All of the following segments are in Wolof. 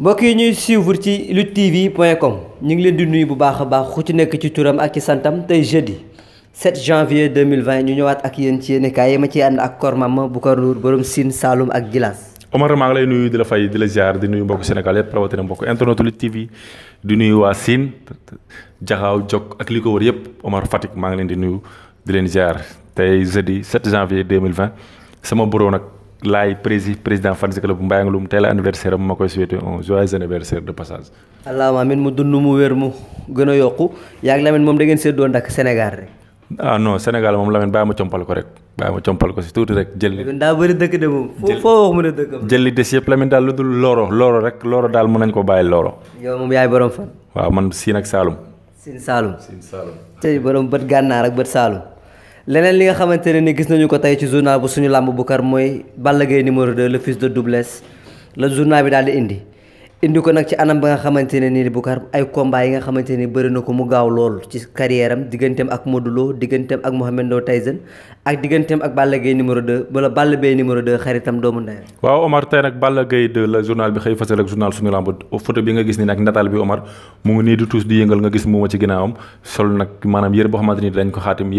mbokk yi ñuy suivre ci luttetv.com ñu ngi leen di nuyu bu baax a baax ku ci nekk ci turam ak ci santam tey jeudi 7 janvier 2020 ñu ñëwaat ak yéen ci yéen kaay ma ciy ànd ak kormam Boucar Ndour borom Sine Saloum ak Gilas. Omar maa ngi lay nuyu di la fay di la ziar di nuyu mbokk Sénégal yëpp rawatina mbokku internetu Lutte TV di nuyu waa Sine Jaxaaw Jok ak li ko wër yëpp Omar Fatick maa ngi leen di nuyu di leen ziar tey jeudi 7 janvier 2020 sama bureau nag. laay prési président fan si club bu Mbayang Loum tey la anniversaire am ma koy souhaité un joyeux anniversaire de passage. allahumma amiin mu dund mu wér mu gën a yokku yaa ngi Lamine moom da ngeen séddoo ndak Sénégal rek. ah non Sénégal moom Lamine bàyyi ma compal ko rek bàyyi ma compal ko si tuuti rek jël li. daa bëri dëkk de moom. foo wax mu ne dëkk jël li des yëpp Lamine daal lu dul loro loro rek loro daal mën nañu ko bàyyi loro. yow moom yaay borom fan. waaw man Sine ak Saalum. Sine Saalum Sine Saalum. tey borom leneen li nga xamante ne ni gis nañu ko tey ci journal bu suñu làmb bu kar mooy Balla Gaye numéro 2 le fils de Double Less la journal bi daal di indi indi ko nag ci anam ba nga xamante ne nii Boucar ay combat yi nga xamante ne bëri na ko gaaw lool ci carrière am digganteem ak Modou Lo digganteem ak Mohamed Ndao Tyson ak digganteem ak Balla Gaye numéro 2 wala Balla Gaye numéro 2 xaritam nii nag nataal bi Omar mu ngi nii di tuus di yëngal nga gis mu ma ci ginnaawam sol nag maanaam yére boo xamante ni dañ ko xaatim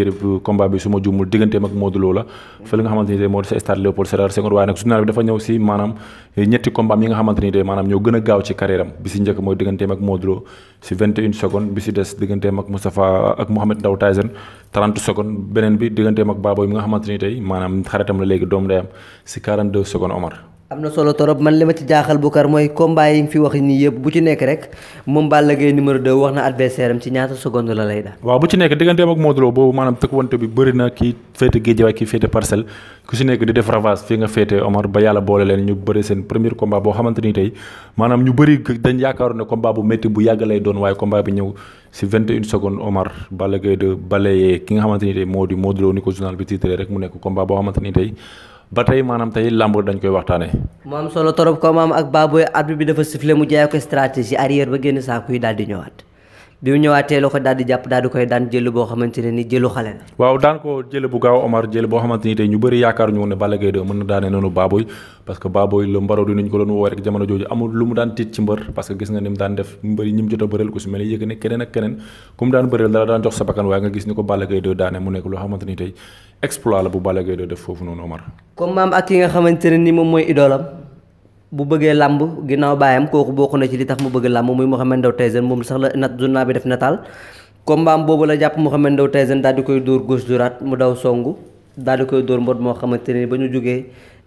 moo di stade Léopold Sédar Senghor waaye nag journal bi dafa ñëw si maanaam ñetti combat yi nga xamante ni tey maanaam ñoo gën a gaaw ci carrière am bi si njëkk mooy digganteem ak Modou Lo si 21 secondes bi si des digganteem ak Moustapha ak Mohamed Ndao Tyson 30 secondes beneen bi digganteem ak Baboy mi nga xamante ni tey maanaam xaritam la léegi doom day am si 42 secondes Omar. am na solo torop man li ma ci jaaxal Boucar mooy combat yi nga fi wax nii yëpp bu ci nekk rek moom Balla Gaye numéro 2 wax na adversaire am ci ñaata seconde la lay daal. waaw bu ci nekk digganteem ak Modou Lo boobu maanaam tëkkuwante bi bëri na kii féete Guédiawaye kii féete Parcelles ku si nekk di def ravage fii nga féete Omar ba yàlla boole leen ñu bëri seen premier combat boo xamante ni tey maanaam ñu bëri dañ yaakaaroon ne combat bu métti bu yàgg lay doon waaye combat bi ñëw si 21 Omar Balla Gaye de balayé nga xamante ni moo di Modou Lo ni ko journal bi rek mu nekk combat boo xamante ni tey ba tey maanaam tey làmb dañ koy waxtaane mu am solo torop ko maam ak Baboye arbitre bi dafa sifflé mu jaay ko stratégie arrière ba génn saako yi daal di bi mu ñëwaatee ne ni jëlu xale la. waaw daan ko jël bu gaaw Omar jël boo xamante ni tey daanee noonu Baboye parce que Baboye la mbaroo ñu ko doon woo rek jamono jooju amul lu mu daan tiit ci mbër parce gis nga ni daan def mbëri ñi mu jot a bëreel ku si mel ne yëg ne keneen ak keneen ku daan bëreel dala daan jox sa waaye nga gis ni ko Balla Gaye 2 exploit la bu Balla Gaye doo def foofu noonu Omar. comme ak ki nga xamante ne ni moom mooy idoolam bu bëggee làmb ginnaaw baayam kooku bokk na ci li tax mu bëgg làmb muy Mouhamed Ndao Tyson moom sax la nat journal bi def nataal combat boobu la jàpp Mouhamed Ndao Tyson daal di koy dóor gauche droite mu daw songu daal di koy dóor mbot moo xamante ne ba ñu jógee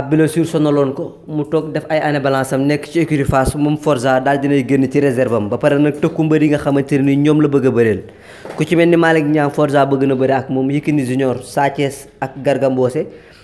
ab blessure sonaloon ko mu toog def ay année balance am nekk ci écurie Fass moom Forza daal dinay génn ci réserve am ba pare nag tëkku mbër yi nga xamante ni ñoom la bëgg a bëreel ku ci mel ni Malick Niang Forza bëgg na bëri ak moom Yékini Junior Sa Thiès ak Garga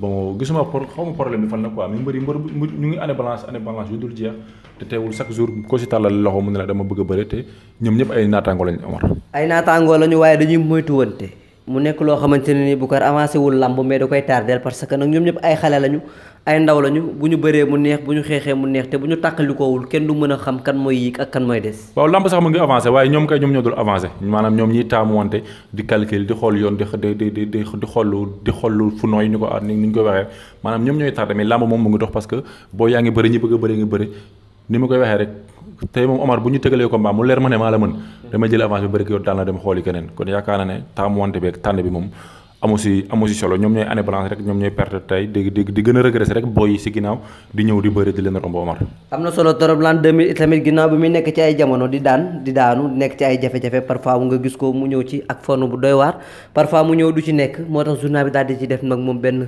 bon gisuma por xaw ma problème bi fan la quoi mais mbëri mbër ñu ngi année balance année balance yu dul jeex te teewul chaque jour ko si tàllal loxo mu ne la dama bëgg a bëre te ñoom ñëpp ay naataangoo lañu ay naataangoo lañu waaye dañuy moytuwante mu nekk loo xamante ne ni Boucar avancé wul làmb mais da koy tardeel parce que nag ñoom ñëpp ay xale lañu ay ndaw lañu bu ñu bëree mu neex bu ñu xeexee mu neex te bu ñu tàkkalikoowul kenn du mën a xam kan mooy yéeg ak kan mooy des waaw lamb sax mu ngi avancé waaye ñoom kay ñoom ñoo dul avancé maanaam ñoom ñiy taamu wante di calcul di ko ah, koy waxee maanaam ñoom ñooy tardé mais lamb moom mu ngi dox parce que yaa ngi bëri ñi bëgg a bëri ni ma koy waxee rek tey moom Omar bu ñu tëgalee combat mu leer ma ne maa la mën dama jël avance bi bëri ko yow daal na dem xooli keneen kon yaakaar na ne taamu wante beeg tànn bi amu si amu si solo ñoom ñooy année blanche rek ñoom ñooy perte tey di di di gën a regresser rek booy si ginnaaw di ñëw di bëri di leen romb am na solo trop l'an 2000 tamit ginnaaw bi muy nekk ci ay jamono di daan di daanu nekk ci ay jafe-jafe parfois nga gis ko mu ñëw ci ak forme bu doy waar parfois mu ñëw du ci nekk moo tax journal bi daal di ci def nag moom benn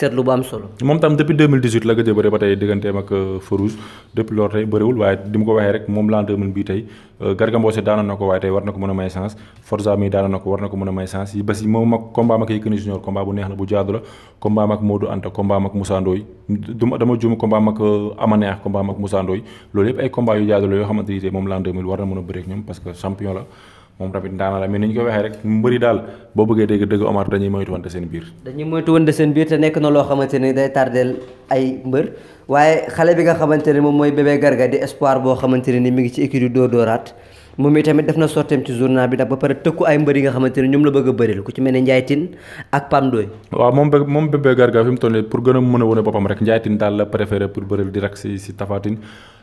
seetlu bu am solo. moom tam depuis 2018 la gëj a bëri ba tey digganteem ak euh, Farouz depuis loolu ko waxee rek moom l'an 2000 bii tey. Euh, Garga Mbossé na ko waaye tey war na ko mën a may chance Forza mi daanoon ko war na ko mën a may chance yi bés yi moom ak combat ak Yékini Junior combat bu neex la bu jaadu la combat ak Modou Anta combat ak Moussa Ndoye dama juum combat ak euh, Amaneex combat ak Moussa loolu yëpp ay combat yu jaadu la yoo xamante ni tey moom l'an war na mën a bëreek ñoom parce que champion la moom tamit naa la mais ni ñu ko waxee rek mbëri daal boo bëggee dégg dëgg Omar dañuy moytuwante seen biir dañuy moytuwante seen biir te nekk na loo xamante ni day tardeel ay mbër waaye xale bi nga xamante ne moom mooy bébé garga di espoir boo xamante ne ni mi ngi ci écurie dóor dóoraat moom itamit def na sortem ci journal bi nag ba pare tëkku ay mbër yi nga xamante ne ñoom la bëgg a bëril ku ci mel ne Ndiaye Tine ak Pam Doy waaw moom bé moom bébé garga fi mu rek Ndiaye Tine daal pour bëril di rek si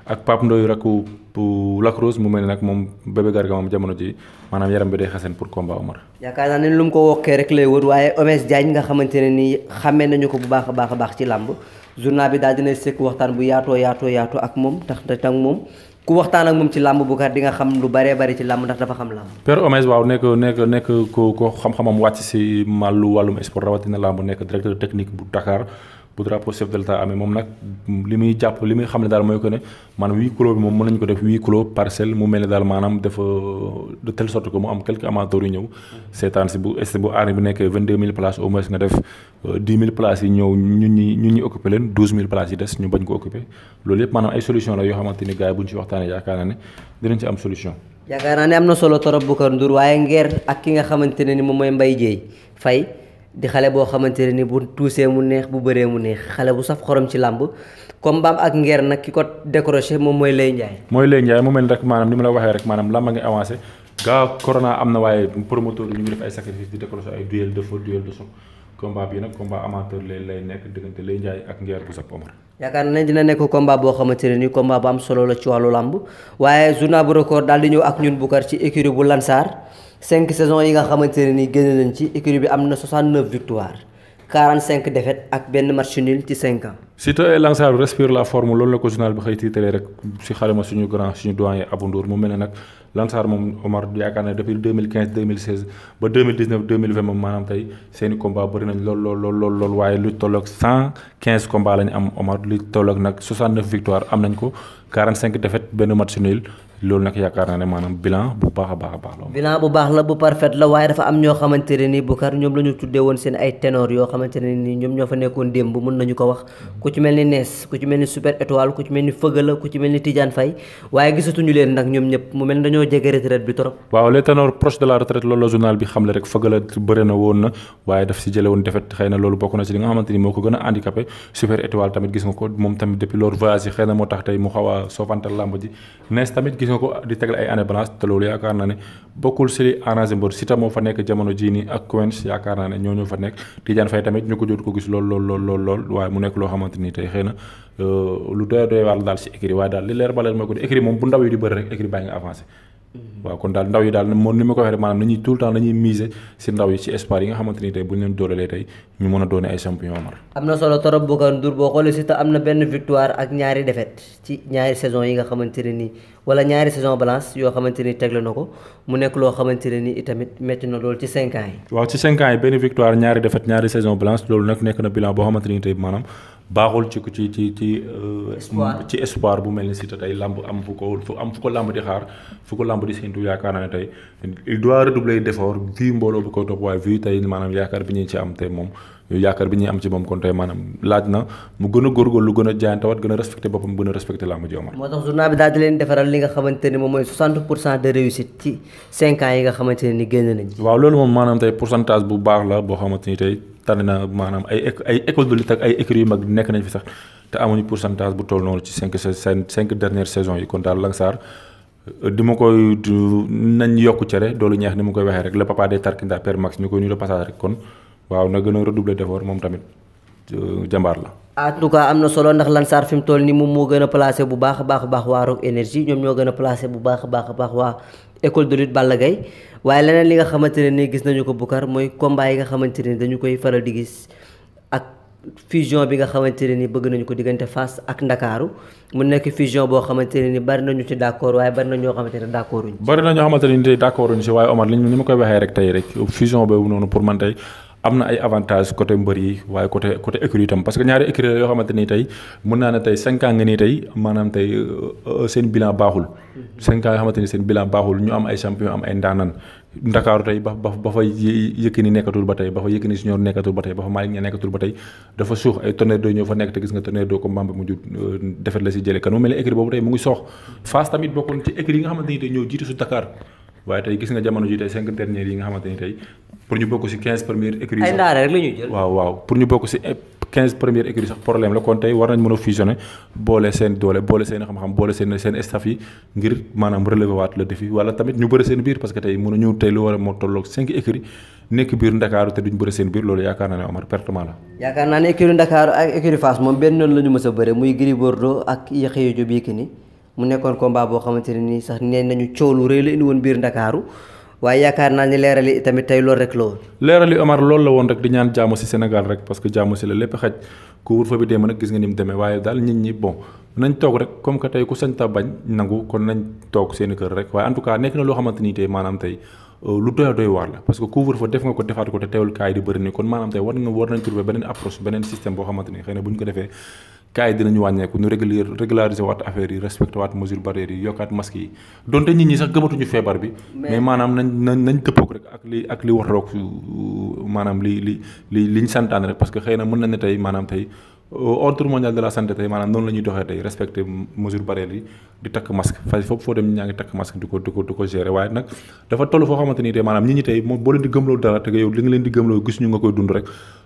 ak Pape Ndoye rakku bu Lac Rose mu mel ne nag moom Bébé Garga moom jamono ji maanaam yaram bi day xasan pour combat Omar. yaakaar naa ne lu mu ko wokkee rek lay wër waaye Omes Diagne nga xamante ne nii xàmmee nañu ko bu baax a baax a baax ci làmb journal bi daal dina sekk waxtaan bu yaatoo yaatoo yaatoo ak moom tax tax moom. ku waxtaan ak moom ci làmb bu kat di nga xam lu bëree bëri ci làmb ndax dafa xam làmb. Père Omès waaw nekk nekk nekk ko ko xam-xamam wàcc si màllu wàllum nekk directeur technique bu Dakar bu drapeau chef de amee moom nag li muy jàpp li muy xam daal mooy que ne maanaam huis clos bi moom mën nañu ko def huis clos parcelle mu mel ne daal maanaam dafa de telle mu am quelques amateurs yu ñëw seetaan si bu est bu aar bi nekkee vingt deux mille places au moins nga def euh, dix mille places yi ñëw ñu ñi ñu leen douze mille places yi des ñu bañ ko occupé loolu yëpp maanaam ay solution la yoo xamante ni bu ñu si waxtaanee yaakaar di xale boo xamante ne ni bu tuusee mu neex bu bëree mu neex xale bu saf xorom ci làmb combat ak ngeer nag ki ko décroché moom mooy Lay Ndiaye. mooy Lay Ndiaye mu mel rek la waxee rek maanaam làmb nga avancé gaa corona am na waaye promoteur yi ñu ngi def ay lay nekk diggante Lay Ndiaye ak ngeer bu saf Omar. yaakaar na dina nekk combat boo xamante ne ni combat solo la ci wàllu làmb waaye journal bu record daal di ñëw ak ñun Boucar ci écurie bu Lansar. cinq saison yi nga xamante ne nii génn ci écurie bi am na 69 victoires 45 défaites ak benn match nul ci 5 ans. Siteu et Lansar respire la forme loolu la ko journal bi xëy tiitale rek si xalima suñu grand suñu doyen Abou Ndour mu mel ne nag Lansar moom Omar yaakaar na depuis 2015 2016 ba 2019 2020 moom maanaam tey seeni combat bëri nañ lool lool lool lool waaye lu tolloog 115 combat la ñu am Omar lu tolloog nag 69 victoire am nañ ko benn match nul. loolu nag yaakaar naa ne maanaam bilan bu baax a baax a baax la. bilan bu baax la bu parfait la waaye dafa am ñoo xamante ne nii Boucar ñoom ñoom ñoo fa nekkoon démb mën nañu ko wax ku ci mel ni Nees ku ci mel ni Super Étoile ku ci mel ni Fëgala ku ci mel ni Tidiane Faye waaye gisatuñu leen nag ñoom mu mel ni dañoo jege retraite bi trop. waaw les ténors proches de la retraite loolu la journal bi xamle rek Fëgala bëri na woon na waaye daf si jële woon defet bokk moo ko gën a handicapé Super nga ko di tegal ay année balance te loolu yaakaar naa ne bokkul si li mbër si ta fa nekk jamono jii ak Quench yaakaar naa ne ñoo ñoo fa nekk Tidiane Faye tamit ñu ko jot ko gis lool lool lool lool waaye mu nekk loo xamante ni tey xëy na euh, lu doy daal si écrit waaye daal li leer ba mooy ko di écrit moom bu ndaw yi di bëri rek écrit baa ngi avancé Mhm. waaw kon daal ndaw yi daal moom ni ma ko waxee rek maanaam nañuy tout le temps dañuy miser si ndaw yi si espoir yi nga xamante ni tey bu ñu leen doolelee tey ñu mën a doone ay champion Omar. am na solo torop Boucar Ndour boo xoolee Siteu am na benn victoire ak ñaari défaite ci ñaari saison yi nga xamante ne nii wala ñaari saison balance yoo xamante ni tegle na ko mu nekk loo xamante ne nii itamit métti na lool ci 5 ans yi. waaw ci 5 ans yi benn victoire loolu nag nekk na boo xamante ni tey baaxul ci ci ci ci. Euh, ci espoir bu mel ni Siteu tey làmb am fu ko am fu ko làmb di xaar fu ko làmb di séntu yaakaar naa ne tey il doit redoubler d'effort vu mbooloo bu ko topp waaye vu tey maanaam yaakaar bi ñu ci am tey moom yaakaar bi ñuy am ci moom kon tey maanaam laaj na mu gën a góorgóorlu gën a jaayantewaat gën a respecté boppam gën a respecté làmb ji Omar. moo tax journal bi daal leen defaral li nga xamante ne moom mooy 60 pour cent de réussite ne ni waaw loolu moom maanaam tey pourcentage bu baax la boo xamante ni tànn na maanaam ay ay école de lutte ay écuries yu mag nekk nañ fi sax te amuñu pourcentage bu toll noonu ci cinq seen cinq yi kon daal Langsar euh, di ma koy nañ yokk cere doolu ñeex ni ma koy waxee rek le papa des tarkinda père Max ñu koy ñu la passage rek kon waaw na gën a redoubler d'effort moom tamit euh, jàmbaar la. en tout cas am na solo ndax Lansar fi toll nii moom moo gën a placé bu baax a baax a baax waa Rock énergie ñoom ñoo gën a placé bu baax a baax a baax waa école de lutte Balla Gaye waaye leneen li nga xamante ne nii gis nañu ko Boucar mooy combat yi nga xamante ne dañu koy faral di gis ak fusion bi nga xamante ni nii bëgg nañu ko diggante Fass ak Ndakaaru mu nekk fusion boo xamante ne nii bari nañu ci d'accord waaye bari na ñoo xamante ne d'accorduñ bari si waaye Omar li ni ma koy waxee rek tey rek boobu noonu pour man tey am na ay avantage côté mbër yi waaye côté côté écurie itam parce que ñaari écurie la yoo xamante ni tey mën naa ne tey cinq ans nga nii tey maanaam tey euh, euh, seen bilan mm-hmm. ñu am ay champion am ay ndaanan ndakaaru tey ba ba ba fa Yékini nekkatul ba tey ba fa Yékini Junior nekkatul ba tey ba fa Malick te gis nga Tonnerre euh, yi nga xamante tey ñëw jiitu su Dakar waaye tey gis nga jamono ji tey cinq derniers yi nga xamante tey pour ñu bokk ci 15 premières écuries. ay ndaare rek la ñuy waaw waaw pour ñu bokk ci 15 premières écuries problème la kon tey war nañ mën a fusionner boole seen doole boole seen xam-xam boole seen seen staff yi ngir maanaam relever waat le défi wala tamit ñu bëri seen biir parce que tey mën a ñëw tey lu war a moo tolloog 5 écuries nekk biir Ndakaaru te duñ bëri seen biir loolu yaakaar naa ne Omar pertement la. yaakaar naa ne écurie Ndakaaru ak écurie Fass moom benn yoon a bëre muy Gris Bordeaux ak Yaxya boo xamante ne nii sax nee nañu biir Ndakaaru waaye yaakaar naa ni leeral yi tamit tey loolu rek la woon. leeral yi Omar loolu la woon rek di ñaan jaamu si Sénégal rek parce que jaamu si la lépp xaj couvre-feu bi démb nag gis nga ni mu demee waaye daal ku sañ ta nangu kon nañ toog seen kër rek waaye en tout cas nekk na loo xamante tey maanaam tey euh, lu doy waar la parce que couvre-feu def nga ko defaat ko te teewul kaay di bëri ni kon maanaam tey war nga war beneen approche beneen système boo xamante ni bu ñu ko defee cas yi dinañu wàññeeku ñu régulier régulariser waat affaire yi respecté waat mesure barrière yi yokkaat masque yi donte nit ñi sax gëmatuñu feebar bi. mais maanaam nañ nañ nañ dëppoog rek ak li maanaam na mën nañ ne tey maanaam tey ordre la santé tey maanaam noonu la ñuy doxee tey respecté mesure barrière yi di takk masque fay foofu foo dem ñaa ngi takk masque di ko di ko di waaye nag dafa toll foo xamante ni tey maanaam nit ñi tey moom boo leen di gëmloo dara te li nga leen di gëmloo gis nga koy dund rek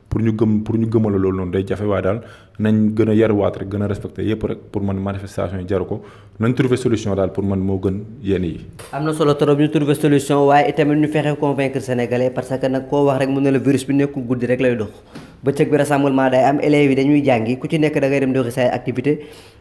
pour ñu gëm pour ñu gëmala loolu noonu day jafe waaye daal nañ gën a yaruwaat rek gën a respecté yëpp rek pour man manifestation yi jaru ko nañ trouver solution daal pour man moo gën yenn yi. am na solo trop ñu trouver solution waaye itamit ñu fexe convaincre sénégalais parce que nag koo wax rek mu ne la virus bi nekkul guddi rek lay dox. bëccëg bi rassemblement day am élèves yi dañuy jàngi ku ci nekk da dem doxi say activité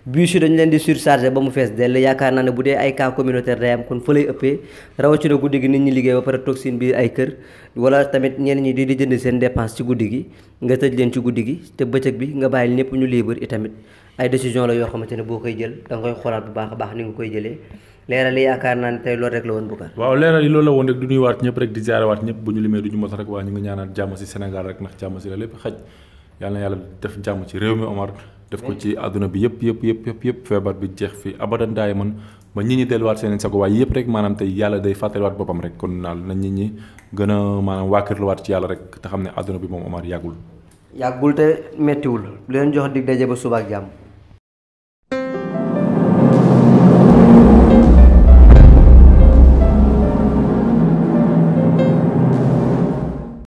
bus yi dañu leen di surchargé ba mu fees dell yaakaar naa ne bu dee ay cas communautaire day am kon fa lay ëppee rawatina guddi gi nit ñi liggéey ba pare toog seen ay kër wala tamit ñenn ñi di di jënd seen dépense ci guddi gi nga tëj leen ci guddi gi te bëccëg bi nga bàyyi népp ñu libre tamit ay décision la yoo xamante ne boo koy jël da koy xoolaat bu baax a baax ni nga koy jëlee leeral yi yaakaar naa ne tey loolu rek la woon Boucar waaw leeral yi loolu la woon rek du nuyuwaat ñëpp rek di jaarewaat ñëpp bu ñu limee du ñu mos rek waaye ñu ngi ñaanaat jàmm si Sénégal rek ndax jàmm si la lépp xaj yàlla na yàlla def jàmm ci réew mi Omar def ko ci àdduna bi yëpp yëpp yëpp yëpp yëpp feebar bi jeex fi abadan daay man ba ñit ñi delluwaat seen sago waaye yëpp rek maanaam tey yàlla day fàttaliwaat boppam rek kon naal na ñit ñi gën a maanaam waakirluwaat ci yàlla rek te xam ne àdduna bi moom Omar yàggul yàggul te méttiwul leen jox dig daje ba suba ak jàmm